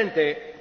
presidente